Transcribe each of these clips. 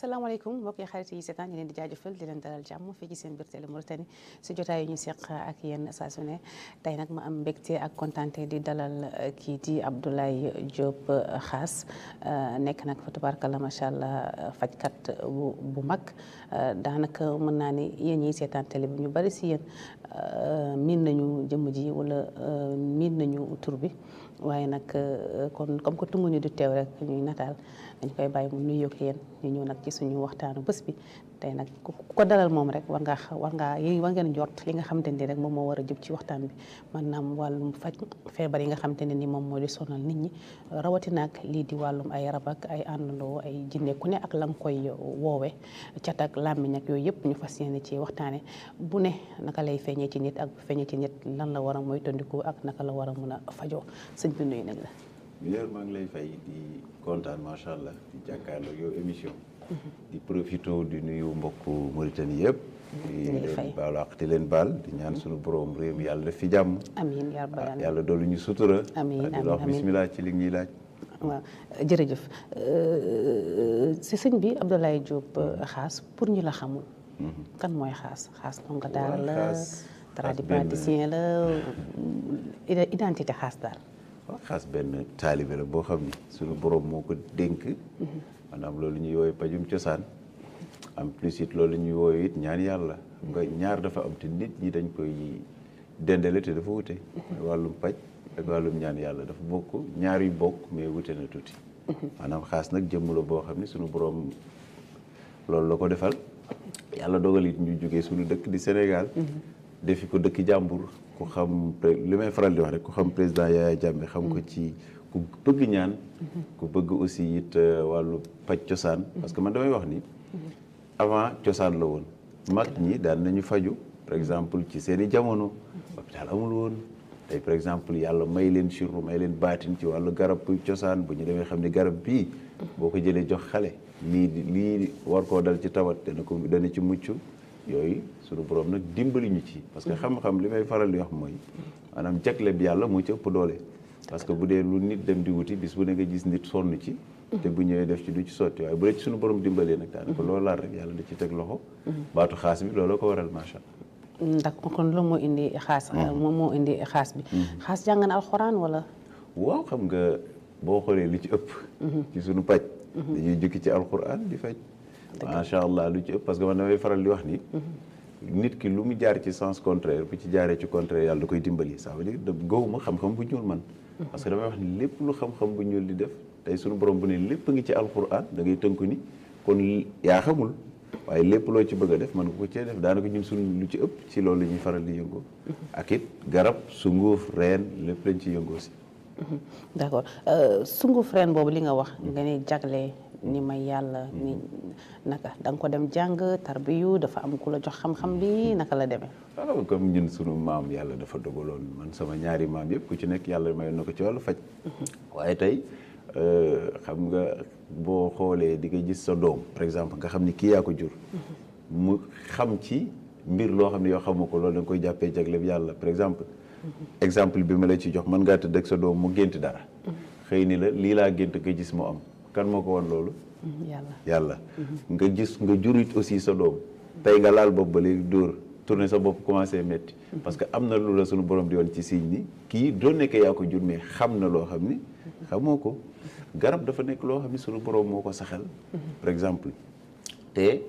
asalaamaaleykum mbokki xarit yi seetaan ñu leen di jaajëfal di leen dalal jàmm fii ci seen biir télé Mauritanie si jotaay yu ñu seq ak yenn saa su ne tey nag ma am mbégte ak kontaante di dalal euh, kii di Abdoulaye euh, xaas Khass euh, nekk nag fa tubaarkalla macha allah fajkat bu mag daanaka mën naa ne yéen ñiy seetaan télé bi ñu bari si yéen miin nañu jëmm ji wala miin nañu tur bi. waaye nag euh, kon comme que tungu ñu du teew rek ñuy nataal dañ koy bàyyi mu nuyoog yéen ñu ñëw nag ci suñu waxtaanu bës bi tey nag ku ko dalal moom rek war ngaa war ngaa yi war ngeen jot li nga xamante ni rek moom moo war a jub ci waxtaan bi maanaam wàllum faj feebar yi nga xamante ne ni moom moo di sonal nit ñi rawatina ak lii di wàllum ay rab ak ay àndandoo ay jinne ku ne ak la koy woowee cat ak làmmiñ ak yooyu yëpp ñu fas yéene ci waxtaane bu ne naka lay feeñee ci nit ak bu feeñee ci nit lan la war a moytandiku ak naka la war a mën a fajo sëñ bi nuyu nag la. maa ngi lay fay di kontaan macha allah di profité di nuyu mbokku Mauritanie yëpp. Mm-hmm. di leen baal ak leen baal di ñaan mm-hmm. suñu borom réew yàlla fi jàmm. amiin yàlla dolli ñu sutura. amiin amiin di la ci li ñuy laaj. jërëjëf euh, si sëñ bi Abdoulaye Diop euh, mm-hmm. xaas pour ñu la xamul. kan mooy xaas xaas donc daara la tradipraticien la identité xaas daal. xaas benn taalibe la boo xam ni suñu borom moo ko dénk. maanaam loolu ñuy woowee pajum cosaan en plus it loolu ñuy woowee it ñaan yàlla xam nga ñaar dafa am te nit ñi dañ koy dendale te dafa wute wàllum paj ak wàllum ñaan yàlla dafa bokk ñaar yu bokk mais wute na tuuti maanaam xas nag jëmm la boo xam ne suñu boroom loolu la ko defal yàlla dogal it ñu jóge suñu dëkk di Sénégal defi ko dëkk jàmbur ko xam li may faral di wax rek ku xam président Yaya Jammeh xam ko ci ku bëgg ñaan ku bëgg aussi it euh, wàllu paj cosaan parce que man damay wax ni avant cosaan la woon mag ñi daan nañu faju par exemple ci seen i jamono hôpital amul woon tey par exemple yàlla may leen sirru may leen baatin ci wàllu garab cosaan bu ñu demee xam ni garab bii boo ko jëlee jox xale lii lii war koo dal ci tawat dana ko dana ci mucc yooyu sunu borom nag dimbali ñu ci parce que mm-hmm. xam-xam li may faral di wax mooy maanaam jagleb yàlla mu ci ëpp doole parce que bu dee lu nit dem di wuti bis bu ne nga gis nit sonn ci te bu ñëwee def ci du ci sotti waaye bu dee ci suñu borom dimbalee nag daanaka loolu laal rek yàlla da ci teg loxo baatu xaas bi looloo ko waral macha allah d'accord kon loolu moo indi xaas. Mm-hmm. moom moo indi xaas bi. Mm-hmm. xaas jàng na alxuraan wala. waaw xam nga boo xoolee li ci ëpp. Mm-hmm. ci sunu paj. dañuy ci alxuraan di faj. macha allah lu ci ëpp parce que man damay faral di wax ni. nit ki lu mu jaar ci sens contraire bu ci jaaree ci contraire yàlla da koy dimbali ça veut dire de xam-xam bu ñuul man parce que damay wax ni lépp lu xam-xam bu ñuul di def tey suñu borom bu ne lépp ngi ci alquran da ngay tënku ni kon yaa xamul waaye lépp loo ci bëgg a def mën nga ko cee def daanaka ñun suñu lu ci ëpp ci loolu la ñuy faral di yëngoo ak it garab sunguf reen lépp lañ ci yëngoo si d'accord euh, sunguf reen boobu li nga wax nga ne jagle ni mm. may yàlla ni mm. naka danga ko dem jàng tarbiyu dafa am ku la jox xam-xam bi naka la demee waaw ah, comme ñun sunu maam yàlla dafa dogaloon man sama ñaari maam yëpp ku ci nekk yàlla may na ko ci wàllu faj mm-hmm. waaye tey euh, xam nga boo xoolee di nga jis sa doom par exemple nga xam ni kii yaa ko jur mm-hmm. mu xam ci mbir loo xam ne yoo xamu ko loolu da koy jàppee jagleb yàlla par exemple mm-hmm. exemple bi ma la ci jox man ngaa tëdd ak sa doom mu gént dara xëy ni la lii laa gént nga gis mu am kan moo ko wan loolu. Mhm, yàlla mhm. nga gis nga jurit aussi sa doom. tey nga laal boobu ba léegi dóor tourné sa bopp commencé métti. Mhm. parce que am na lu la sunu borom di woon ci signe ni kii doo nekkee yaa ko jur mais xam na loo xam ni. xamoo ko garab dafa nekk loo xam ni suñu borom moo ko saxal. par exemple te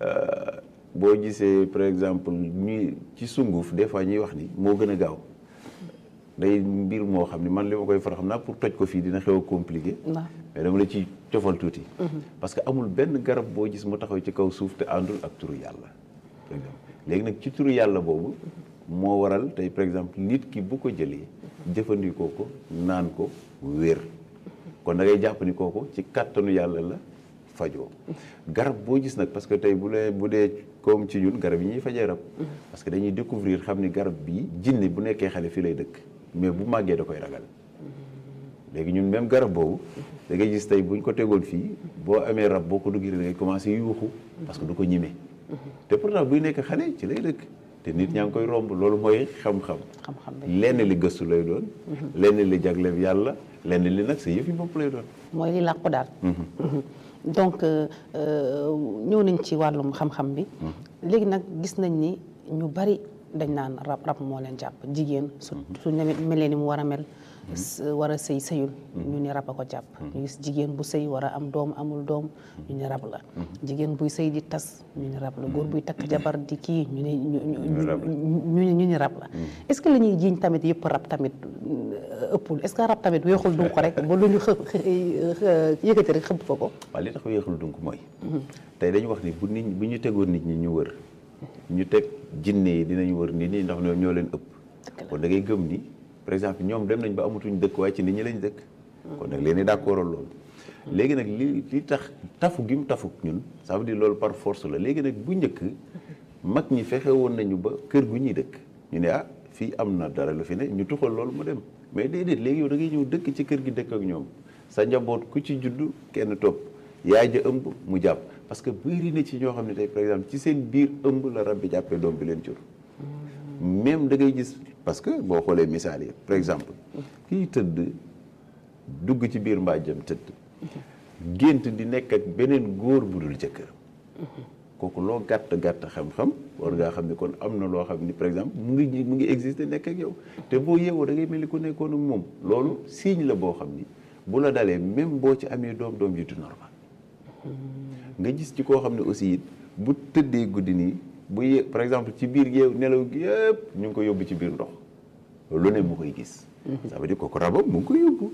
euh, boo gisee par exemple ñuy ci sunguf des fois ñuy wax ni moo gën a gaaw. day mbir moo xam ne man li ma koy faral xam naa pour toj ko fii dina xew a compliqué mais dama la ci cofal tuuti mhm. parce que amul benn garab boo gis mu taxaw ci kaw suuf te àndul ak turu yàlla par léegi nag ci turu yàlla boobu moo waral tey par exemple nit ki bu ko jëlee jëfandikoo ko naan ko wér kon da ngay jàpp ni ci kàttanu yàlla la fajoo garab boo gis nag parce que tey bu lee bu dee comme ci ñun garab yi ñuy fajee rab mhm. parce que dañuy découvrir xam ni garab bii jinne bu nekkee xale fii lay dëkk mais bu màggee da koy ragal léegi ñun même garab boobu da ngay gis tey bu buñ ko tegoon fii boo amee rab boo ko duggee da ngay commencé yuuxu parce que du ko ñime te pourtant buy nekk xale ci lay dëkk te nit ñaa ngi koy romb loolu mooy xam-xam lenn li gëstu lay doon lenn li jagleef yàlla lenn li nag sa yëf yi bopp lay doon mooy li làqu daal mhm. donc euh, euh, ñëw nañ ci wàllum xam-xam bi mhm. léegi nag gis nañ ni ñu bari dañ naan rab rab moo leen jàpp jigéen su mhm. su melee ni mu war a mel mhm. war a sëy sëyul mhm. ñu ni rab ko jàpp ñu jigéen bu sëy war a am amul doom ñu ni rab la jigéen buy sëy di tas ñu ni rab la góor buy takk jabar di kii ñu ni ñu rab la est-ce que la jiiñ tamit yëpp rab tamit euh, ëppul est-ce que rab tamit weexul dunk rek ba lu ñu yëkkati rek xëpp fa ko waaw li tax weexul dunk mooy tey dañu wax ni bu nit bu ñu tegoon nit ñi ñu wër ñu teg jinne yi dinañ wër nit ñi ndax ñoom ñoo leen ëpp kon da ngay gëm ni par exemple ñoom dem nañ ba amatuñ dëkk waaye ci nit ñi lañ dëkk mm. kon nag leen di d'accordal loolu mm. léegi nag li li tax tafu gi mu tafu ñun ça veut dire loolu par force la léegi nag bu njëkk mag ñi fexe woon nañu ba kër gu ñuy dëkk ñu ne ah fii am na dara lu fi ne ñu tuxal loolu mu dem mais déedéet léegi yow da ngay ñëw dëkk ci kër gi dëkk ak ñoom sa njaboot ku ci juddu kenn topp yaay ja ëmb mu jàpp parce que bëri na ci ñoo xam ne tey par exemple ci seen biir ëmb la rab bi jàppee doom bi leen jur même da ngay gis parce que boo xoolee misaal yi par exemple kii tëdd dugg ci biir mbaajam tëdd gént di nekk ak beneen góor bu dul jëkkëram kooku loo gàtt gàtt xam-xam war ngaa xam ne kon am na loo xam ni par exemple mu ngi mu ngi exister nekk ak yow te boo yeewoo da ngay mel ni ku nekkoon moom loolu signe la boo xam ni bu la dalee même boo ci amee doom doom ji du nga gis ci koo xam ne aussi bu tëddee guddi nii bu ye par exemple ci biir yeew nelaw gi yëpp ñu ngi ko yóbbu ci biir ndox lu ne mu koy gis. Mhm. ça veut ko kooku rabam mu ngi koy yóbbu.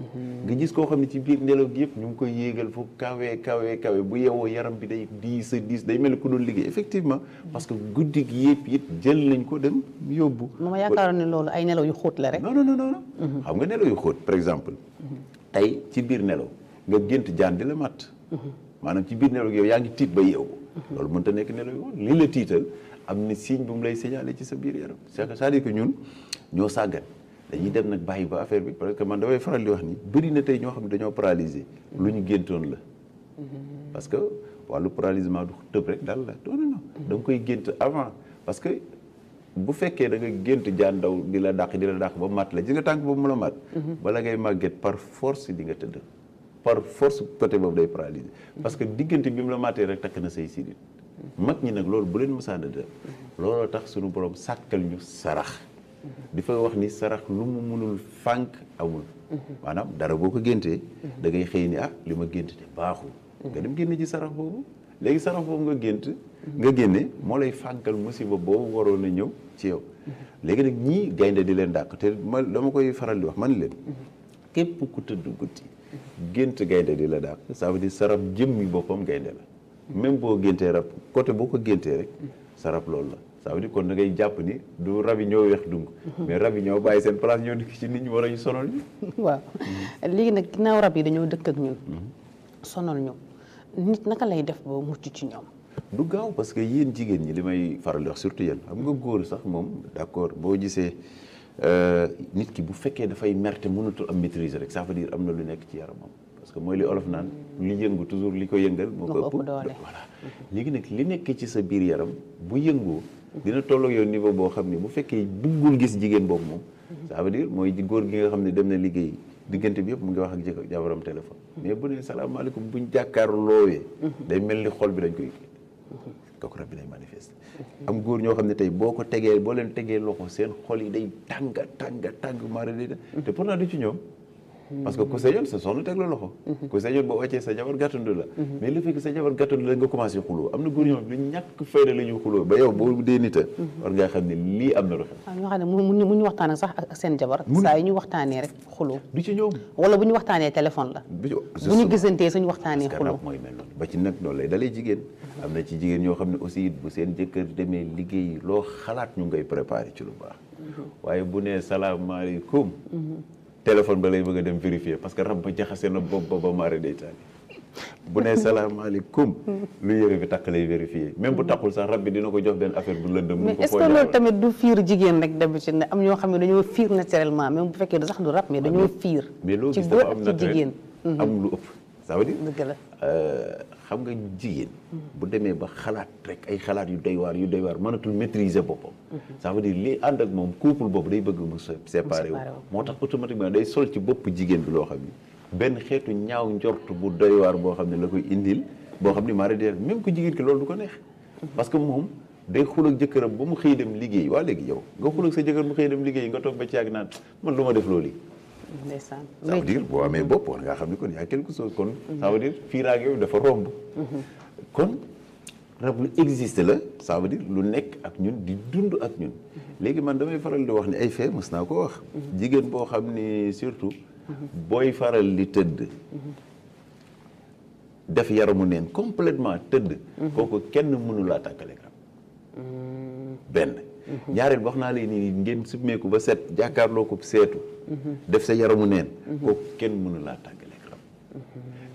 Mhm. nga gis koo xam ne ci biir nelaw gi yëpp ñu ngi koy yéegal fu kawe kawe kawe bu yeewoo yaram bi day diis a diis day mel ni ku doon liggéey effectivement mhm. parce que guddi gi yëpp it jël nañ ko dem yóbbu. ma ma yaakaaroon ne loolu ay nelaw yu xóot la rek. non non non xam nga nelaw yu xóot par exemple. tey ci biir nelaw nga gént jaan di la matt. maanaam ci biir nelaw yow yaa ngi tiit ba yeewu loolu mënta nekk nelaw yow lii la tiital am na signe bu mu lay signaler ci sa biir yaram c'est-à-dire que ñun ñoo sàggan dañuy dem nag bàyyi ba affaire bi parce que man damay faral di wax ni bëri na tey ñoo xam ne dañoo paralysé lu ñu géntoon la parce que wàllu paralysement du tëb rek dal la non non koy gént avant parce que bu fekkee da nga gént jaan ndaw di la dàq di la dàq ba mat la ji nga tànk boobu mu la mat mhm. bala ngay màgget par force di nga tëdd par force côté boobu day paralysé parce que diggante bi mu la màttee rek takk na say sidit mag ñi nag loolu bu leen mësaana def looloo tax suñu boroom sàkkal ñu sarax di fa wax ni sarax lu mu mënul fànk amul maanaam dara boo ko géntee da ngay xëy ni ah li ma gént te baaxul nga dem génne ci sarax boobu léegi sarax boobu nga gént nga génne moo lay fànkal musiba boobu waroon a ñëw ci yow léegi nag ñii gaynde di leen dàq te ma dama koy faral di wax man le képp ku tëdd guddi gént gaynde di la daal ça veut dire sa rab jëmmi boppam gaynde la même boo géntee rab côté boo ko géntee rek sa loolu la ça veut dire kon da ngay jàpp ni du rab yi ñoo weex dung mais rab yi ñoo bàyyi seen place ñoo dikk ci nit ñi war a ñu sonal ñu waaw léegi nag ginnaaw rab yi dañoo dëkk ak ñun sonal ñu nit naka lay def ba mucc ci ñoom du gaaw parce que yéen jigéen ñi li may faral di wax surtout yéen xam nga góor sax moom d'accord boo gisee Euh, nit ki bu fekkee dafay merte mënatul am maîtrise rek ça veut am na lu nekk ci yaramam parce que mooy li olof naan li yëngu toujours li ko yëngal moo ko ëpp doole voilà mhm. léegi nag li nekk ci sa biir yaram bu yëngoo dina tolloo yow niveau boo xam ne bu fekkee buggul gis jigéen boobu moom mhm. ça veut dire mooy góor gi nga xam ne dem na liggéey diggante bi yëpp mu ngi wax ak jëkkër jabaram téléphone mhm. mais bu ne salaamaaleykum buñ jàkkaarloowee day mel ni xol bi dañ koy kooku rab bi day manifester am góor ñoo xam ne tey boo ko tegee boo leen tegee loxo seen xol yi day tàng tàng tàng mara day te naa du ci ñoom parce que ku sañoon sa sonn teg la loxo. Mhm. ku sañoon boo wàccee sa jabar gàttandu la. Mhm. mais le la nga commencé xuloo am na góor ñoom lu ñàkk fayda la ñuy a. Mhm. war ngaa xam ne lii am na seen jabar. saa yu ñu waxtaanee rek xuloo. du ci ñoom. wala bu ñu waxtaanee téléphone la. bu ba ci nag bu seen jëkkër demee liggéey loo xalaat ñu ngay préparé ci lu baax waaye bu nee salaamaaleykum téléphone ba lay bëgg a dem vérifier parce que rab ba jaxase na bopp ba ba maare deytaani bu nee salaamaaleykum lu yëre bi takk lay vérifier même bu takkul sax rab bi dina ko jox benn affaire bu lëndëm mais est-ce que tamit du fiir jigéen rek d'habitude ne am ñoo xam ne dañoo fiir naturellement même bu fekkee du sax du rab mais ah, dañoo fiir mais loo gis dafa am naturel am lu ëpp ça veut dire xam nga jigéen. bu demee ba xalaat rek ay xalaat yu day waar yu doy waar mënatul maîtriser boppam. Mhm. ça veut dire lii ànd ak moom couple boobu day bëgg mu séparé wu. moo tax automatiquement day sol ci bopp jigéen bi loo xam benn xeetu ñaaw njort bu doy waar boo xam ne la koy indil boo xam ni mari de même ko jigéen ki loolu du ko neex. Mhm. parce que moom day xul ak jëkkëram ba mu xëy dem liggéey waa léegi yow nga xul ak sa jëkkër mu xëy dem liggéey nga toog ba ci yàgg naan man lu ma def loolu ndeysaan ça veut dire boo amee bopp war ngaa xam ni kon y a quelque chose kon. ça veut dire fiiraag yooyu dafa romb. kon rab lu existe la ça veut lu nekk ak ñun di dund ak ñun. léegi man damay faral di wax ni ay fee mos naa koo wax. jigéen boo xam ni surtout. booy faral di tëdd. def yaramu neen completement tëdd. kooku kenn mënu laa tàkkale hmm. benn. ñaareel wax naa leen ni ngeen summeeku ba set jàkkaarloo ko seetu mm-hmm. def sa yaramu neen mm-hmm. kooku kenn mënu laa tàggaleeg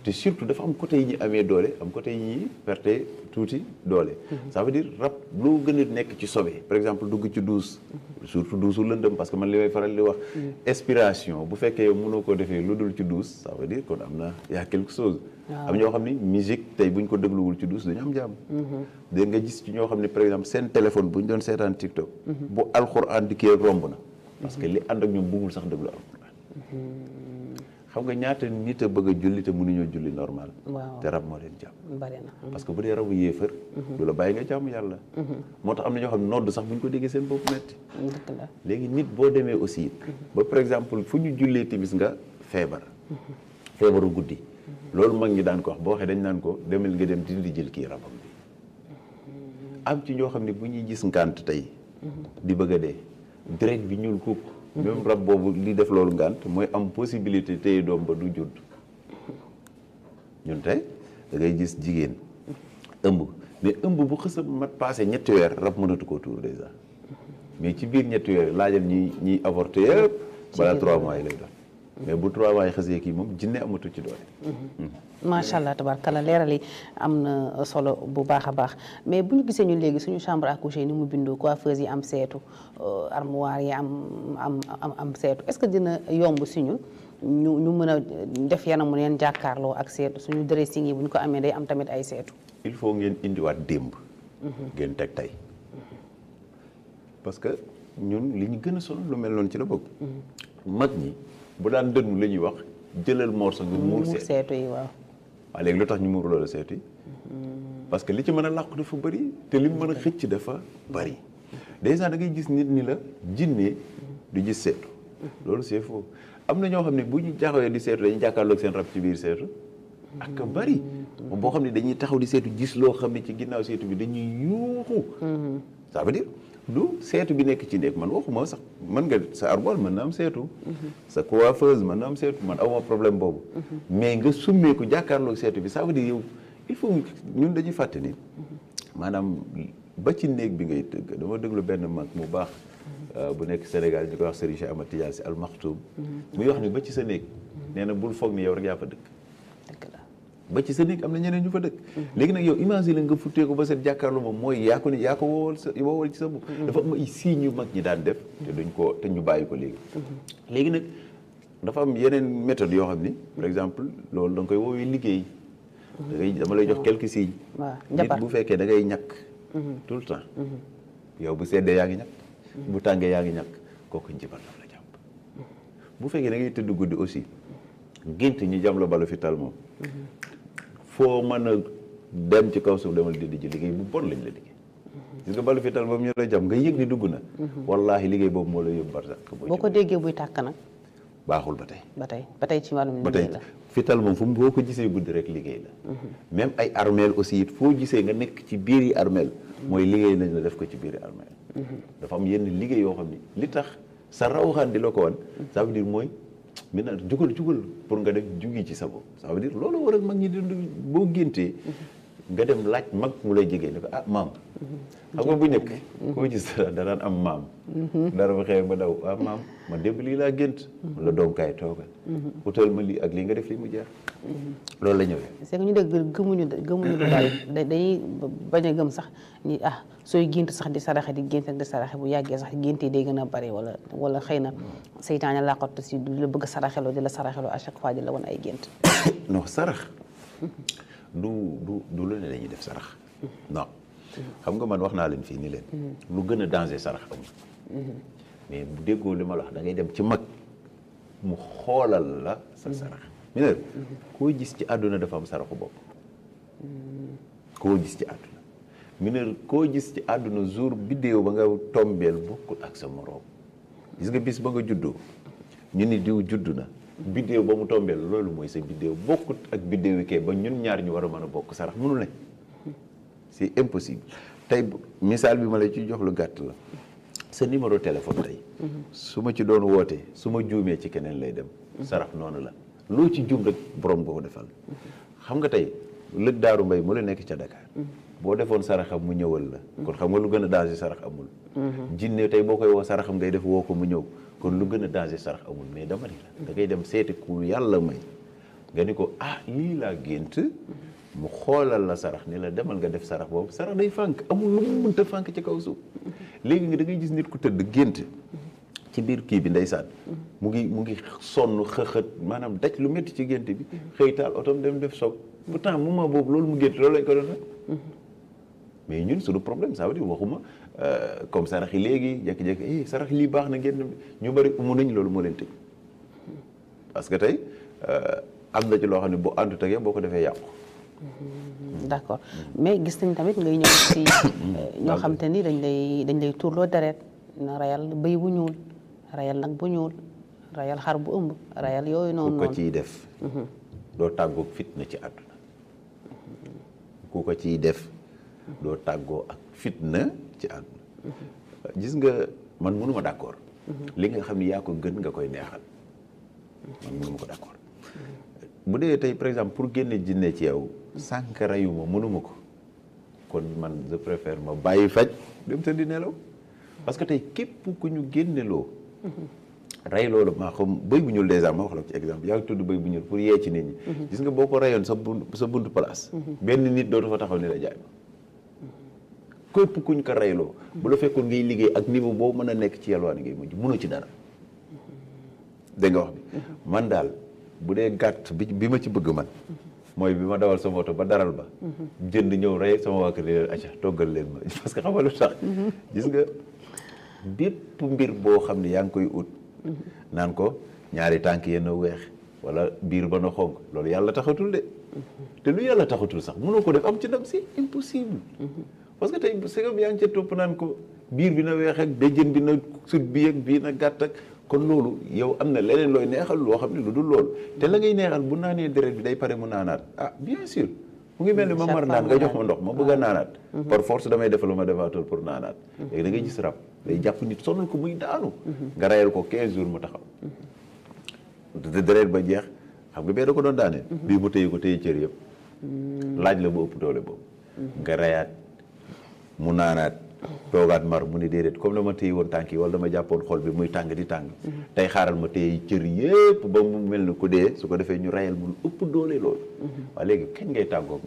te surtout dafa am côté yi ñu amee doole am côté yi ñuy perte tuuti doole. sa mhm. veut dire rab loo gën a nekk ci sobe par exemple dugg ci douche. Mhm. surtout douche su lëndëm parce que man li may faral di wax. expiration mhm. bu fekkee yow mënoo ko defee lu dul ci douche ça veut dire kon am na yaa quelque chose. am ñoo xam ni musique tey bu ñu ko dégluwul ci douche dañu am jàmm. dégg nga gis ci ñoo xam ne par exemple seen téléphone bu ñu doon seetaan TikTok. bu alxuraan di kii romb na. parce que li ànd ak ñoom bëggul sax déglu xam nga ñaata nit a bëgg a julli te mënuñoo julli normal. te rab moo leen jàpp. Mhm. parce que bu dee rabu yéefar. Mhm. du la bàyyi nga jàmm yàlla. Mhm. moo tax am na ñoo xam ne nodd sax bu ñu ko déggee seen bopp metti léegi nit boo demee aussi. ba par exemple fu ñu jullee timis nga feebar. feebaru guddi. loolu mag ñi daan ko wax boo waxee dañ naan ko demal nga dem dindi jël kii rabam bi. am ci ñoo xam ne bu ñuy gis ngànt tey. di bëgg de dee. bi ñuul kukk. même rab boobu li def loolu ngànt mooy am possibilité tey doom ba du judd ñun tey da ngay gis jigéen ëmb mais ëmb bu xësa mat passé ñetti weer rab mënatu koo tuur déjà mais ci biir ñetti weer laajal ñi ñiy avorté yëpp balaa trois mois lay doon mais bu trois waay xasee kii moom jinne amatu ci doole. Mm-hmm. macha allah tabarkalla leeral yi am na solo bu baax a baax mais bu ñu gisee ñu léegi suñu chambre à coucher ni mu bindoo coiffeuse yi am seetu euh, armoire yi am am am am seetu est-ce que dina yomb si ñu ñu mën a def yanamu neen jàkkaarloo ak seetu suñu dressing yi bu ko amee day am tamit ay seetu. il faut ngeen indiwaat démb. Mm-hmm. ngeen teg tey mm-hmm. parce que ñun li ñu gën a solo lu mel noonu ci la bokk. mag ñi. bu daan dënnu la ñuy wax jëlal morso nga muur seetu yi waaw waaw léegi lu tax ñu muur loolu seetu yi parce que li ci mën a làqu dafa bëri te li mu mën a xëcc dafa bëri déjà da ngay gis nit ni la jinne du gis seetu loolu c'est faux am na ñoo xam ne bu ñu jaxawee di seetu dañuy jàkkaarloog seen rab ci biir seetu ak a boo xam ne dañuy taxaw di seetu gis loo xam ne ci ginnaaw seetu bi dañuy yuuxu mm-hmm. ça veut dire lu seetu bi nekk ci nekk man waxuma sax mën nga sa armoire mën na am seetu. sa coiffeuse mën na am seetu man awma problème boobu. mais nga summeeku jàkkaarloog seetu bi ça di dire yow il faut ñun dañuy fàtte ni. maanaam ba ci néeg bi ngay tëgg dama déglu benn mag mu baax. Euh, bu nekk Sénégal ñu koy wax Serigne Cheikh Ahmad Tidiane Sy mhm. muy wax ni ba ci sa néeg. nee na bul foog ni yow rek yaa fa dëkk. ba ci sa néeg am na ñeneen ñu fa dëkk léegi nag yow imagine nga futtee ko ba seen jàkkaarlu moom mooy yaa ko ni yaa ko woowal sa woowal ci sa bopp mm-hmm. dafa am ay signes yu mag ñi daan def te duñ ko te ñu bàyyi ko léegi mm-hmm. léegi nag dafa am yeneen méthode yoo xam ni par exemple loolu da nga koy woowee liggéey da dama lay jox mm-hmm. quelques signes nit bu fekkee da ngay ñàkk tout le temps yow bu seddee yaa ngi ñàkk bu tàngee yaa ngi ñàkk kooku njibar daf la jàpp bu fekkee da ngay tëdd guddi aussi gént ñu jam la fi tal moom foo mën a dem ci kaw suuf demal di ji liggéey bu bon lañ la liggéey mhm. gis nga balu fital boobu ñu la jam nga yëg ni dugg na mhm. wallaahi liggéey boobu moo la yóbbu barzak boo ko déggee buy tàkk ba tey ba tey ba tey ci wàllum liggéey la fital moom fu mu boo ko gisee guddi rek liggéey la mhm. même ay armeel aussi it foo gisee nga ci biir yi armeel mooy liggéey la def ko ci biir yi armeel dafa am yenn liggéey li tax sa rawxaan di la ko wan ça veut dire mooy maintenant jugal jugal pour nga dem jugi ci sa bopp ça veut dire loolu war a mag boo géntee nga dem laaj mag mu lay jege ni ko ah maam. Mm-hmm. xam nga bu njëkk. Mm-hmm. koo gis dara danaan am maam. Mm-hmm. dara ba xëy ma daw ah maam lii laa gént. la doom kaay toogal. utal ma lii ak nga def lii mu jaar. loolu la ñëwee. c'est que ñu dégg gëmuñu gëmuñu lu bari dañuy bañ a gëm sax nii ah sooy gént sax di saraxe di gént di saraxe bu yàggee sax gént de day gën a bari wala wala xëy na mm. seytaane làqatu si du la bëgg a saraxeloo di la saraxeloo a chaque fois di la wan ay gént. non sarax. du du du lu ne dañuy def sarax non xam nga man wax naa leen fii ni leen mm-hmm. lu gën a danger sarax amul mm-hmm. mais bu déggoo li ma la wax da dem ci mag mu xoolal la sa mm-hmm. sarax mi koo gis ci àdduna dafa am saraxu bopp koo gis ci àdduna mi koo gis ci àdduna jour biddéew ba nga tombeel bokkul ak sa moroom gis nga bis ba nga juddoo ñu ni diw juddu na biddéew ba mu tombeel loolu mooy sa biddéew bokkut ak biddéew yi ba ñun ñaar ñu war a mën a bokk sarax mënul ne c'est impossible tey misaal bi ma la ci jox lu gàtt la sa numéro téléphone tey su ma ci doon wootee su ma juumee ci keneen lay dem sarax noonu la loo ci juum rek boroom boo defal xam nga tey lëg daaru mbay mu la nekk ca Dakar boo defoon saraxam mu ñëwal la kon xam nga lu gën a danger sarax amul mhm. jinne tey boo koy woo saraxam ngay def woo ko mu ñëw kon lu gën a danger sarax amul mais dama ni la da ngay dem seeti kuul yàlla may nga ni ko ah lii laa gént mu xoolal la sarax ni la demal nga def sarax boobu sarax day fànk amul lu mu mënta fànk ci kaw suuf léegi nga da gis nit ku tëdd gént ci biir kii bi ndeysaan mu ngi mu ngi sonn xëxët maanaam daj lu métti ci gént bi xëy taal otom dem def soog mu moment boobu loolu mu gént loolu lañ ko doon mhm. mais ñun suñu problème ça veut dire waxuma Euh, comme sarax yi léegi jëkk jékki eh sarax lii baax na génn ñu bari umu nañ loolu moo leen tëj parce que tey euh, am na ci loo xam ne boo àndut ak boo ko defee yàqu. Mm-hmm. d'accord mais gis nañ tamit nga ñëw ci euh, ñoo xam te ni dañ lay dañ lay tuurloo deret na rayal bëy bu ñuul rayal nag bu ñuul rayal xar bu ëmb rayal yooyu noonu. ku ko ciy def. Mm-hmm. doo tàggoog fitna ci àdduna mm-hmm. ku ko ciy def. doo tàggoo ak fitna. ci àdduna gis nga man mënuma d'accord li nga xam ni yaa ko gën nga koy neexal man mënuma ko d'accord bu dee tey par exemple pour génne jinne ci yow sànq rayuma mënuma ko kon man je préfère ma bàyyi faj dem di nelaw parce que tey képp ku ñu génne loo rey loolu maa xam bëy bu ñuul dèjà ma wax la ko ci exemple yaa tudd bëy bu ñuul pour yee ci nit ñi gis nga boo ko rayoon sa bunt sa buntu place benn nit dootu fa taxaw ni la jaay képp kuñ ko reyloo bu la fekkoon ngay liggéey ak niveau boo mën a nekk ci yalwaan ngay mujj mënoo ci dara dégg wax bi man daal bu dee gàtt bi bi ma ci bëgg man mooy bi ma dawal sama oto ba daral ba jënd ñëw rey sama waa kër eh, leen acca toggal que xamal lu tax gis nga bépp mbir boo xam ne yaa ngi koy naan ko ñaari tànk yenn weex wala biir ba na xonk loolu yàlla taxatul de te lu yàlla def am ci ndam c'est impossible parce que tey segam yaa ngi ca topp naan ko biir bi na weex ak déjjën bi na sut bi ak bii na gàtt kon loolu yow am na leneen looy neexal loo xam ne lu dul loolu te la ngay neexal bu naanee deret bi day pare mu naanaat ah bien sûr mu ngi mel ni ma mar naan nga jox ma ndox ma bëgg a naanaat par force damay def lu ma defaatoon pour naanaat léegi da ngay gis rab day jàpp nit sonal ko muy daanu mhm. nga rayal ko 15 jours mu taxaw mhm. deret ba jeex xam nga bee ko doon daaneel mhm. bii mu téye ko yëpp mm. laaj la bu ëpp doole boobu mm. mu naanaat toogaat mar mu ne déedéet comme dama téye woon tànk yi wala dama jàppoon xol bi muy tàng di tàng mhm. tey xaaral ma téye cër yépp ba mu mel ni ku dee su ko defee ñu rayal mu lu ëpp doole loolu mhm. waaye léegi kañ ngay tàggoo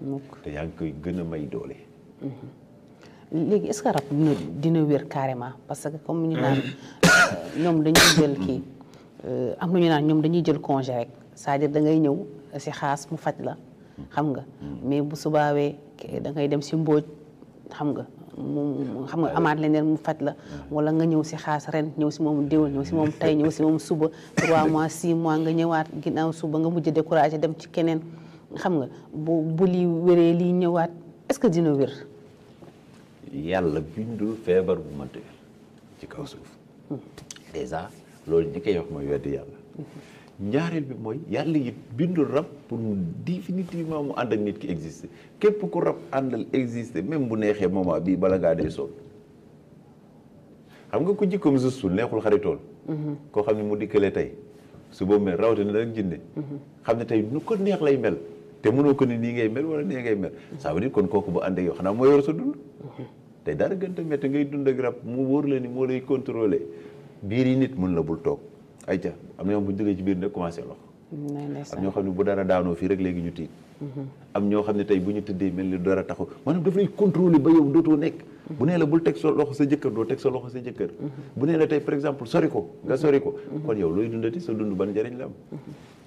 moom te yaa ngi koy gën a may doole mhm. léegi est-ce que rab dina dina wér carrément parce que comme ñu naan ñoom dañuy jël kii euh, am na ñoom dañuy jël congé rek c'est-à-dire da ngay ñëw si xaas mu faj la xam nga mais bu subaawee da ngay dem si mbóoj xam nga mu xam nga amaat leneen mu faj la mm. wala nga ñëw si xaas ren ñëw si moom déwén ñëw si moom tey ñëw si moom suba waa mois six mois nga ñëwaat ginnaaw suba nga mujj découragé dem ci keneen xam nga bu bu lii wéree lii ñëwaat est-ce que dina wér yàlla bindul feebar bu mënta wér kaw mm. loolu ñi koy mooy weddi yàlla mm-hmm. ñaareel bi mooy yàlla yi bindu rab pour mu définitivement mu ànd ak nit ki exister képp ku rab àndal exister même bu neexee moment bii bala ngaa dee sol xam nga ku jikkoom justul neexul xaritool mhm. koo xam ne mu dikkalee tey su boobu mel rawatina nag jinne mhm. xam ne tey nu ko neex lay mel te mënoo ko ni nii ngay mel wala nee ngay mel ça veut dire kon kooku bu ànd ak yow xanaa moo yor sa dund mhm. tey dara gën a ngay dund ak rab mu wóor la ni moo lay contrôler biir yi nit mën la toog ay ca am na ñoo bu ñu duggee ci biir nag commencé lox am ñoo xam ne bu dara daanoo fii rek léegi ñu tiit mhm. am ñoo xam ne tey bu ñu tëddee mel ni dara taxu maanaam daf lay contrôler ba yow dootoo nekk bu nee la bul teg sa loxo sa jëkkër doo teg sa loxo sa jëkkër mhm. bu nee la tey par exemple sori ko nga mhm. sori ko kon yow looy dundati sa dund ban njëriñ la am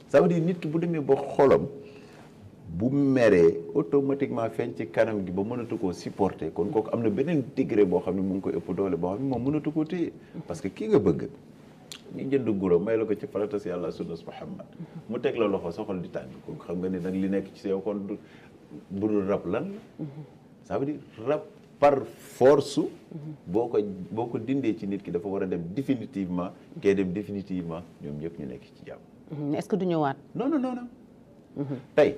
ça veut dire nit ki bu demee ba xolam bu meree automatiquement feeñ ci kanam gi ba mënatu koo supporter kon kooku am na beneen degré boo xam ne mu ngi koy ëpp doole boo xam mënatu koo parce que kii nga bëgg ñu jënd guro may la ko ci farata si yàlla sunna mu teg la loxo sa xol di tàng ko xam nga ni nag li nekk ci yow kon bu budul rab lan la ça veut dire rab par force boo ko boo ko dindee ci nit ki dafa war a dem définitivement kee dem définitivement ñoom yëpp ñu nekk ci jàmm est-ce que du ñëwaat non non non non mhm. tey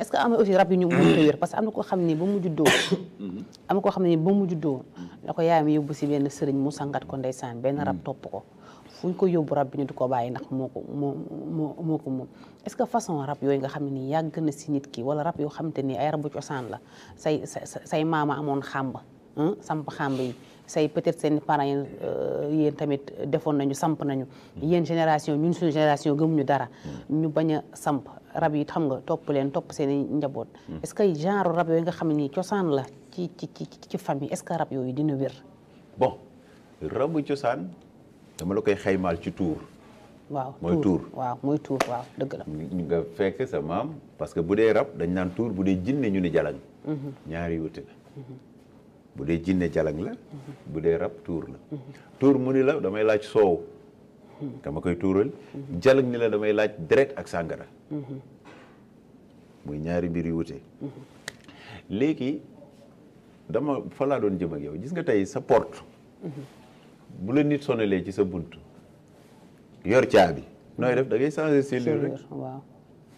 est-ce que am rab yu ñu parce que na koo xam ne ba mu juddoo mhm. am na koo xam ne ba mu juddoo la ko yaayam yóbbu si benn sëriñ mu sangat ko ndeysaan benn rab topp ko fu ñu ko yóbbu rab bi ñu di ko bàyyi ndax moo ko moo moo moo ko moom est-ce que façon rab yoo nga xam ne nii yàgg na si nit ki wala rab yoo xamante ni ay rabu cosaan la say say maama amoon xàmb samp xàmb yi say peut-être seen parents yi euh, yéen tamit defoon nañu samp nañu yéen génération ñun suñu génération ñu dara ñu bañ a samp rab yi xam nga topp leen topp seen i njaboot est-ce que genre rab yooyu nga xam ne nii cosaan la ci ci ci ci famille est-ce que rab yooyu dina wér bon rabu cosaan dama la koy xaymaal ci tuur. mooy tuur waaw mooy tuur waaw dëgg sa maam parce que bu dee rab dañ naan tuur bu dee jinne ñu ni jalang mhm. ñaari wuute mhm. dee jinne jalang la. Mhm. bu dee rab tuur la. mu ni damay laaj soow. dama koy tuural. jalang ni la damay laaj deret ak sàngara. muy ñaari mbir yu wuute. léegi dama fa doon jëm ak yow gis nga tey sa porte. bu la nit sonalee ci sa bunt yor caabi nooy def da ngay changer serrure rek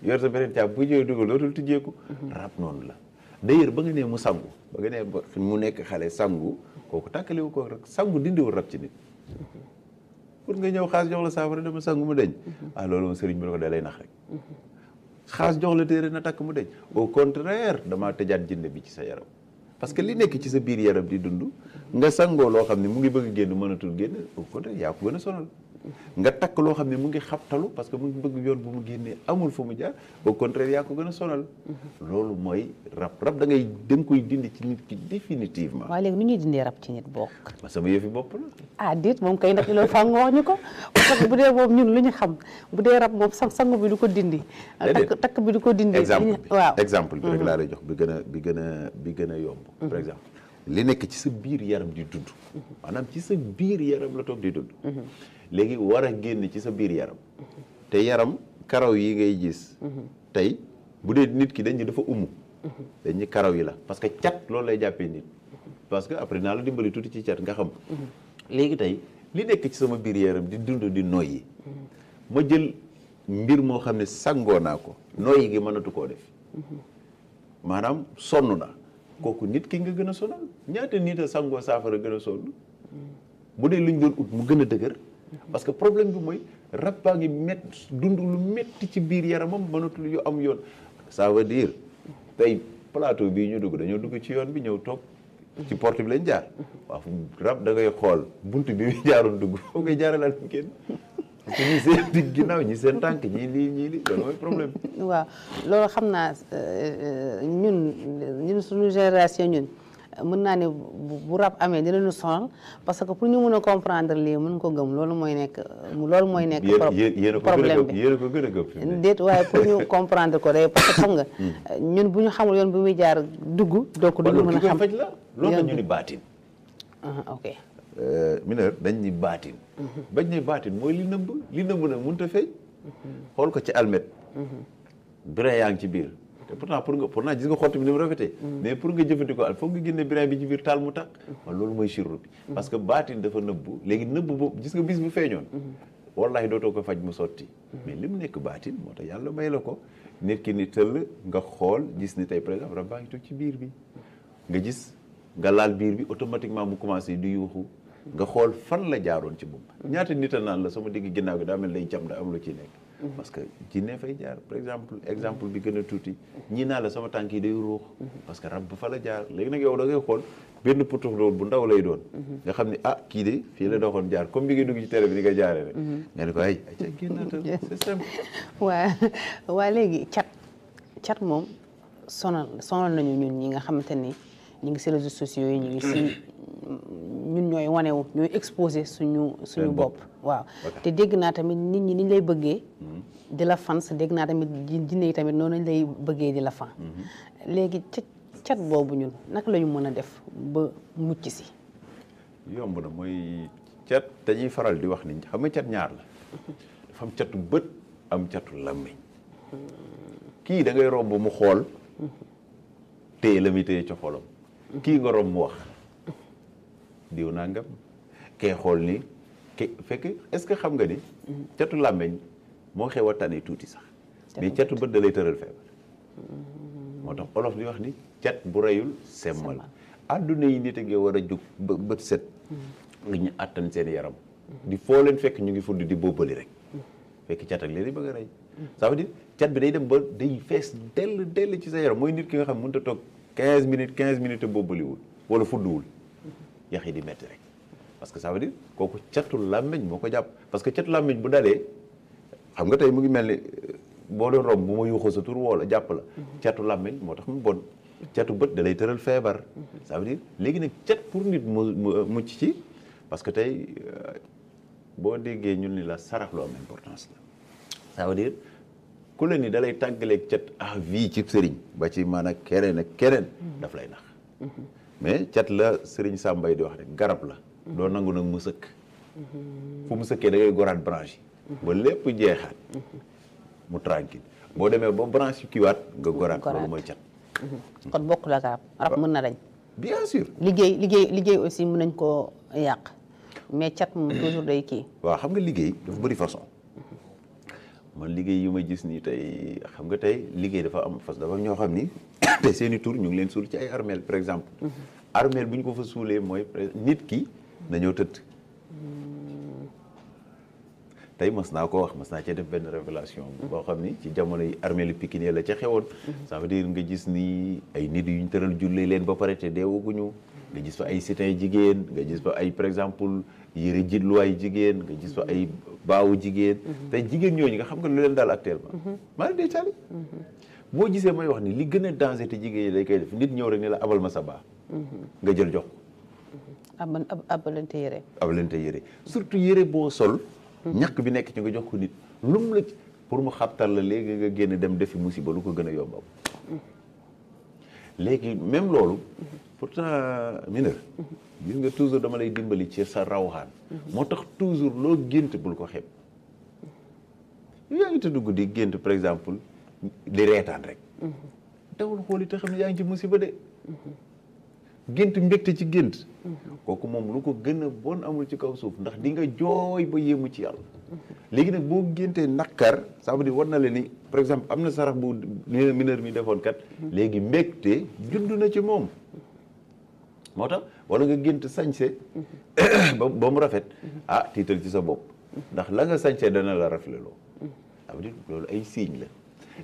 yor sa beneen caabi bu ñëwee dugal dootul tijjeeku mhm. rab noonu la d'ailleurs ba nga nee mu sangu ba nga nee mu nekk xale sangu kooku tàkkaliwu ko rek sangu dindiwul rab ci nit mhm. pour nga ñëw xaas jox la saafara dama sangu mu deñ mhm. ah loolu moom sëriñ bi ne ko da lay nax rek xaas jox la téere na takk mu deñ au contraire damaa tëjaat jinne bi ci sa yaram parce que li nekk ci sa biir yaram di dund nga sangoo loo xam ni mu ngi bëgg génn mënatul génn au contraire yaa ko gën a sonal nga takk loo xam ne mu ngi xabtalu parce que mu ngi bëgg yoon bu mu génnee amul fu mu jaar au contraire yaa ko gën a sonal. Mm-hmm. loolu mooy rab rab da ngay da nga koy dindi ci nit ki définitivement. waaw léegi nu ñuy dindee rab ci nit bokk. ma sama yëfi bopp la. ah déet moom kay nag loolu fànn wax ñu ko parce bu dee moom ñun lu ñu xam bu dee rab moom sang sangu bi du ko dindi. takk takk bi ko dindi. exemple bi waaw exemple rek mm-hmm. laa lay jox bi gën a bi gën a bi gën a yomb. Mm-hmm. par exemple li nekk ci sa biir yaram di dund. maanaam ci sa biir yaram la toog di dund. léegi war a génn ci sa biir yaram te yaram karaw yi ngay gis tey bu dee nit ki dañ dafa umu dañu karaw yi la parce que cat loolu lay jàppee nit parce que après naa la dimbali tuuti ci cat nga xam léegi tey li nekk ci sama biir yaram di dund di noyyi ma jël mbir moo xam ne sangoo naa ko noyyi ngi mënatu koo def maanaam sonn na kooku nit ki nga gën a sonal ñaata nit a sangoo saafara gën a sonn bu dee lu ñu doon ut mu gën a dëgër parce que problème bi mooy rab baa ngi métti dund lu métti ci biir yaramam mënatul yu am yoon. ça veut dire tey plateau bii ñu dugg dañoo dugg ci yoon bi ñëw toog. ci porte bi lañ jaar. waaw rab da xool bunt bi muy jaaroon dugg foo ngay jaaralal kenn. te seen digg ginnaaw ñi seen tànk ñii lii ñii lii loolu mooy problème waaw loolu xam naa euh, euh, ñun ñun suñu génération ñun. mën naa ne bu rab amee dinañu sonal parce que pour ñu mën a comprendre lii mën ko gëm loolu mooy nekk loolu mooy nekk problème bi yéen a ko gën a gëm déet waaye pour ñu comprendre ko day parce que xam nga mm. ñun bu ñu xamul yoon bu muy jaar dugg donc duñu mën a xam faj la loolu ñu ni baatin ah, ok euh, mineur dañ ni baatin mm-hmm. bañ ni baatin mooy li nëmb li nëmb na mënut a feeñ mm-hmm. xool ko ci almet mm-hmm. brin yaa ngi ci biir te pourtant pour nga pourtant gis nga xott bi ni mu rafetee mm. mais pour nga jëfandikoo al foog nga génne brin bi ci biir taal mu tàkk mm. man loolu mooy sirru bi mm. parce que baatin dafa nëbbu léegi nëbbu boobu gis nga bis bu feeñoon mm-hmm. wallahi dootoo ko faj mu sotti mais li mu nekk baatin moo tax yàlla may la ko nit ki ni tëll nga xool gis ni tey par exemple rab baa ci biir bi nga gis nga laal biir bi automatiquement mu commencé di yuuxu nga xool fan la jaaroon ci moom ñaata nit a naan la sama digg ginnaaw gi daa mel da am lu ci nekk parce que jinne fay jaar par exemple exemple bi gën a tuuti ñii naa la sama tànk yi day ruux parce que rab bu fa la jaar léegi nag yow da ngay xool benn putux lool bu ndaw lay doon nga xam ne ah kii de fii la doxoon jaar comme bi nga dugg ci télé bi mhm. nga jaaree nga ne ko ay a ca génnaatal c'est simple waa waa léegi cat cat moom sonal sonal nañu ñun ñi nga xamante ni ñu ngi si réseaux sociaux yi ñu ngi si ñun ñooy wanewu ñooy exposé suñu suñu bopp waaw te dégg naa tamit nit ñi niñ lay bëggee mm-hmm. di la fans dégg naa tamit jinne yi tamit noonu lañ lay bëggee di la fan mm-hmm. léegi cat cat boobu ñun naka lañu mën a def ba mucc si yomb na mooy cat dañuy faral di wax ni xam nga cat ñaar la dafa catu bët am catu làmmiñ kii da ngay romb mu xool mm-hmm. téye la muy téye coxolam kii nga romb mu wax diw nangam kee xool ni ke fekk est-ce que xam nga ni. catu làmmeñ moo xew a tane tuuti sax. mais catu bët da lay tëral feebar. Mm-hmm. moo tax olof di wax ni cat bu reyul semmal àdduna yi nit a ngi war a jóg ba bët set. Mm-hmm. nga ñu àttan seen yaram. Mm-hmm. di foo leen fekk ñu ngi fudd di boobali rek. fekk cat ak leen di bëgg a rey. ça veut dire cat bi day dem ba day fees dell dell ci sa yaram mooy nit ki nga xam mënut a toog 15 minutes 15 minutes te boobaliwul wala fudduwul. yax yi di metti rek parce que ça veut kooku catu làmmiñ moo ko jàpp parce que catu làmmiñ bu dalee xam nga tey mu ngi mel ni euh, boo doon romb bu ma yuuxoo sa tur woo la jàpp la mm-hmm. catu làmmiñ moo tax mu bon catu bët da lay tëral feebar mm-hmm. ça veut léegi nag cat pour nit mu euh, mucc ci parce que tey euh, boo déggee ñun ni la sarax lu am importance la ça veut ku la ni da lay tàggaleeg cat vie ci sëriñ ba ci maanaam keneen ak keneen mm-hmm. daf lay nax mais cat la Serigne Sambay di wax rek garab la doo nangu nag mu sëkk fu mu sëkkee da ngay goraat branche yi ba lépp jeexaat mu tranquille boo demee ba branche yu kiiwaat nga goraat loolu mooy cat kon bokk la garab rab mën na dañ bien sûr liggéey liggéey liggéey aussi mën nañ koo yàq mais cat moom toujours day kii waaw xam nga liggéey dafa bëri façon man liggéey yu ma gis nii tey xam nga tey liggéey dafa am fas dafa ñoo xam ni te seeni i tur ñu ngi leen suul ci ay armeel par exemple. Mm-hmm. armeel bu ñu ko fa suulee mooy nit ki dañoo tëdd. Mm-hmm. tey mas naa ko wax mas naa cee def benn révélation mm-hmm. boo xam ni ci jamono yi armeel Pikine la ca xewoon. ça veut nga gis nii ay nit yu ñu tëral jullee leen ba pare te deewaguñu. nga gis fa ay sitin jigéen nga gis fa ay par exemple yëre jitluwaay jigéen nga gis fa ay baawu jigéen mhm. te jigéen ñooñu nga xam nga lu leen daal actuellement mhm. maa leen dee caali boo gisee mooy wax ni li gën a danger te jigéen ñi day koy def nit ñëw rek ne la abal ma sa baa mhm. nga jël jox ab abalante yére abalante yére surtout yére boo sol ñàkk bi nekk ci nga jox ko nit lum la pour mu xabtal la léegi nga génn dem defi musiba lu ko gën a yombam léegi même loolu pourtant mineur gis nga toujours dama lay dimbali ci sa rawxaan moo tax toujours loo gént bul ko xeeb yaa ngi tudd guddi gént par exemple di reetaan rek mm-hmm. dawul xool yi te xam ne yaa ngi ci musiba de mm-hmm. gént mbégte ci gént mhm. kooku moom lu ko gën a bon amul ci kaw suuf ndax di nga jooy ba yéemu ci yàlla mhm. léegi nag boo géntee naqar ça veut dire war na leen ni par exemple am na sarax bu mineur mi defoon kat mhm. léegi mbégte judd na ci moom moo tax wala nga gént sañse ba mu rafet ah tiital ci sa bopp ndax la nga sañse dana la rafle loo ça veut dire loolu ay signe la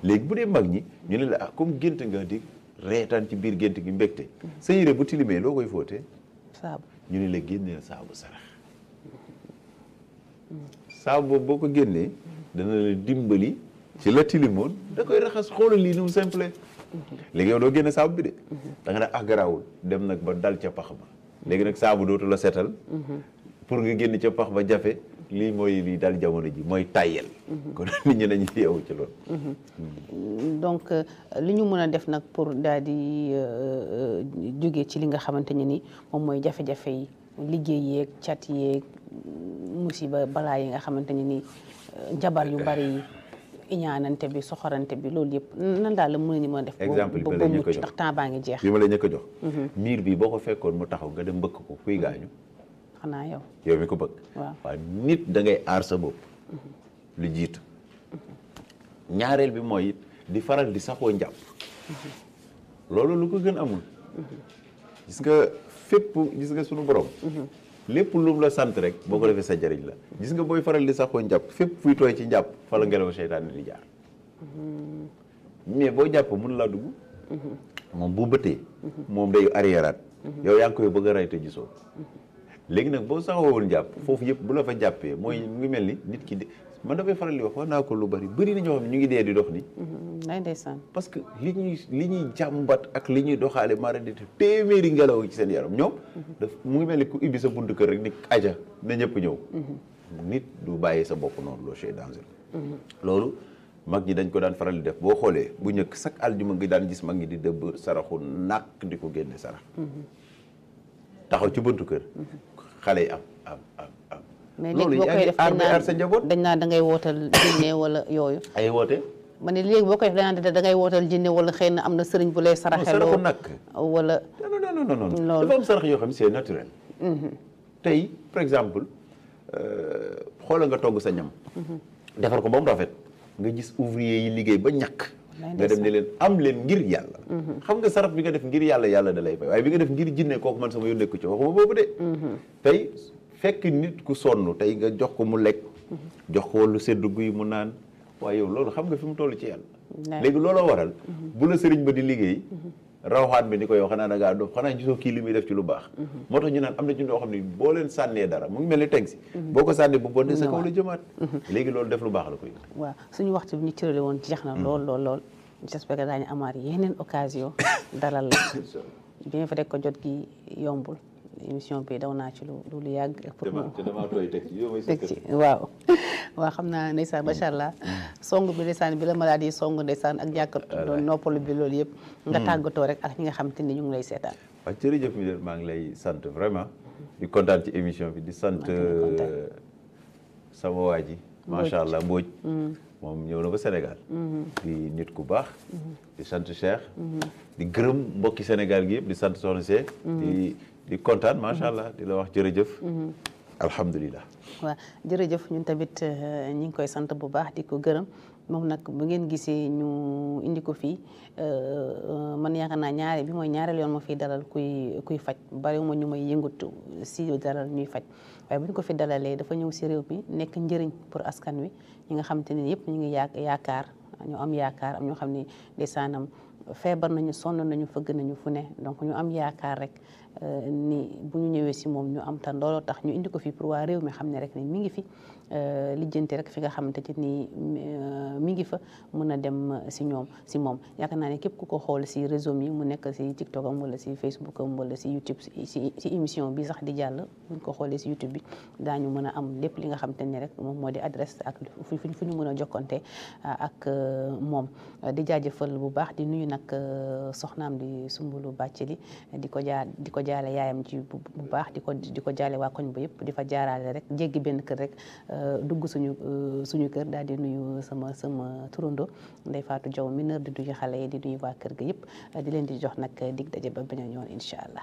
léegi bu dee mag ñi ñu ne la ah comme gént nga di reetaan ci biir gént gi mbégte sa bu tilimee loo koy fóotee saabu ñu ni la génneel saabu sarax saabu boobu boo ko génnee dana la dimbali ci la tilimoon da koy raxas xoolal lii ni mu simple léegi yow doo génne saabu bi de da nga ne ah dem nag ba dal ca pax ba léegi nag saabu dootu la setal mhm. pour nga génn ca pax ba jafe lii mooy lii daal jamono ji mooy tàyyel mhm. kon nit ñi nañu yeewu ci mhm. euh, li ñu mën a def nag pour daal di euh, jóge ci li nga xamante ne ni moom mooy jafe-jafe yi liggéey yeeg cat yeeg musiba balaa yi nga xamante ne ni njabar euh, yu bari yi iñaanante bi soxorante bi loolu yëpp nan daal la mën nañu a def exemple bi ma la jox ndax temps baa ngi jeex bi ma la ñu ko jox mhm. miir bi boo ko fekkoon mu taxaw nga dem mbëkk ko kuy gaañu xanaa yow. mi ko bëgg. waaw waaw nit da aar sa bopp. lu jiitu. ñaareel bi mooy it di faral di saxoo njàpp. loolu lu ko gën amul. gis nga fépp gis nga sunu borom. lépp lu la sant rek boo ko defee sa jëriñ la gis nga booy faral di saxoo njàpp fépp fuy tooy ci njàpp fa la ngelaw seytaane di jaar. mais boo jàpp mun laa dugg. moom bu bëtee. moom day arriéraat. yow yaa ngi bëgg a rey te gisoo. léegi nag boo saxawoon jàpp foofu yëpp bu la fa jàppee mooy mu mm-hmm. ngi mel ni nit ki de man dafay faral di wax wax naa ko lu bari bëri na xam ne ñu ngi dee di dox nii. Mm-hmm. ay ndeysaan. parce que li ñuy li ñuy jàmbat ak li ñuy doxaale mara di téeméeri ngelaw ci seen yaram ñoom. Mm-hmm. mu ngi mel ni ku ibbi sa buntu kër rek ni aja na ñëpp ñëw. nit du bàyyi sa bopp noonu loolu c'est dangereux. loolu mag ñi dañ ko daan faral di def boo xoolee bu ñëkk chaque aljuma ngi daan gis mag ñi di dëbb saraxu nàkk di ko génne sarax. ci buntu kër. xale yi am am am am. loolu yaa ngi aar ba aar sa njaboot dañ naan da ngay wootal jinne wala yooyu. ay woote. ma ne léegi boo koy def dañ ngay wootal jinne wala xëy na am na sëriñ bu lay. saraxeloo wala. non non non non loolu dafa am sarax yoo xam ne c'est naturel. Mm-hmm. tey par exemple euh, xoolal nga togg sa ñam. Mm-hmm. defar ko ba mu rafet nga gis ouvrier yi liggéey ba ñakk nga dem ne leen am leen ngir yàlla mhm. xam nga saraf bi nga def ngir yàlla yàlla da lay fay waaye bi nga def ngir jinne kooku man sama yónneeku ci waxuma boobu de mhm. tey fekk nit ku sonn tey nga jox ko mu lekk mhm. jox ko wàllu sedd guy mu naan waaye yow loolu xam nga fi mu toll ci yàlla léegi looloo waral bu la sëriñ ba di liggéey rawaxaan bi ni koy yow xanaa da a dof xanaa gisoo kii li muy def ci lu baax mhm. moo tax ñu naan am na ci ñoo xam ne boo leen sànnee dara mu mel ni teg si mhm. boo ko sànnee bu bondee sa kaw la jëmaat mhm. léegi loolu def lu baax la koy waaw ñu waxtu bi ñu cërale woon jeex na lool lool lool j'espère que daañu amaat yeneen occasion dalal la bien vrai ko jot gi yombul émission bi daw naa ci lu lu yàgg. pour mu teg ci waaw. waaw xam naa ndeysaan macha allah song bi ndeysaan bi la maladie song ndeysaan ak ñàkk doon noppalu bi loolu yëpp. nga hmm. tàggatoo rek ak ñi nga xam te ni ñu ngi lay seetaan. waaw jërëjëf mi maa ngi lay sant vraiment. di kontaan ci émission bi di sant. Euh, sama waa ji. macha allah Mbodj. Hmm. moom ñëw na ba Sénégal. Hmm. nit ku baax. di sant Cheikh. di gërëm mbokki Sénégal gi yëpp di sant Soxna di kontaan macha allah di la wax jërëjëf. Mm-hmm. jërëjëf ñun tamit euh, ñi ngi koy sant bu baax di ko gërëm moom nag ba ngeen gisee ñu indi ko fii euh, euh, man yaakaar naa ñaare bi mooy ñaareel yoon ma fiy dalal kuy kuy faj bariwuma ñu may yëngatu si dalal ñuy faj waaye bu ñu ko fi dalalee dafa ñëw si réew mi nekk njëriñ pour askan wi ñi nga xam te ne yëpp ñu ngi yaakaar ñu am yaakaar am ñoo xam ne desaanam feebar nañu sonn nañu fëgg nañu fu ne donc ñu am yaakaar rek euh, ni bu ñu ñëwee si moom ñu am tan looloo tax ñu indiko fii pour waa réew mi xam ne rek ni mi ngi fi Euh, lijjanti rek fi nga xamante ci nii euh, mi ngi fa mën a dem euh, si ñoom si moom yaakaar naa ne képp ku ko xool si réseau mi mu nekk si TikTok am wala si Facebook am wala si YouTube si si émission bi sax di jàll buñ ko xoolee si YouTube bi daañu mën a am lépp li nga xamante ni rek moom moo di adresse ak fu fu ñu mun a jokkante ak moom di jaajëfal bu baax di nuyu nag soxnaam di sumbulu bàccali di ko jaar di ko jaale yaayam ci bu baax di ko di ko jaale waa koñ ba yëpp di fa jaaraale rek jéggi benn kër rek Euh, dugg suñu euh, suñu kër daal di nuyu sama sama turando Ndeye Fatou Diaw mineur di nuyu xale yi di nuyu waa kër ga yëpp euh, di leen di jox nag dig daje ba beneen yoon incha allah.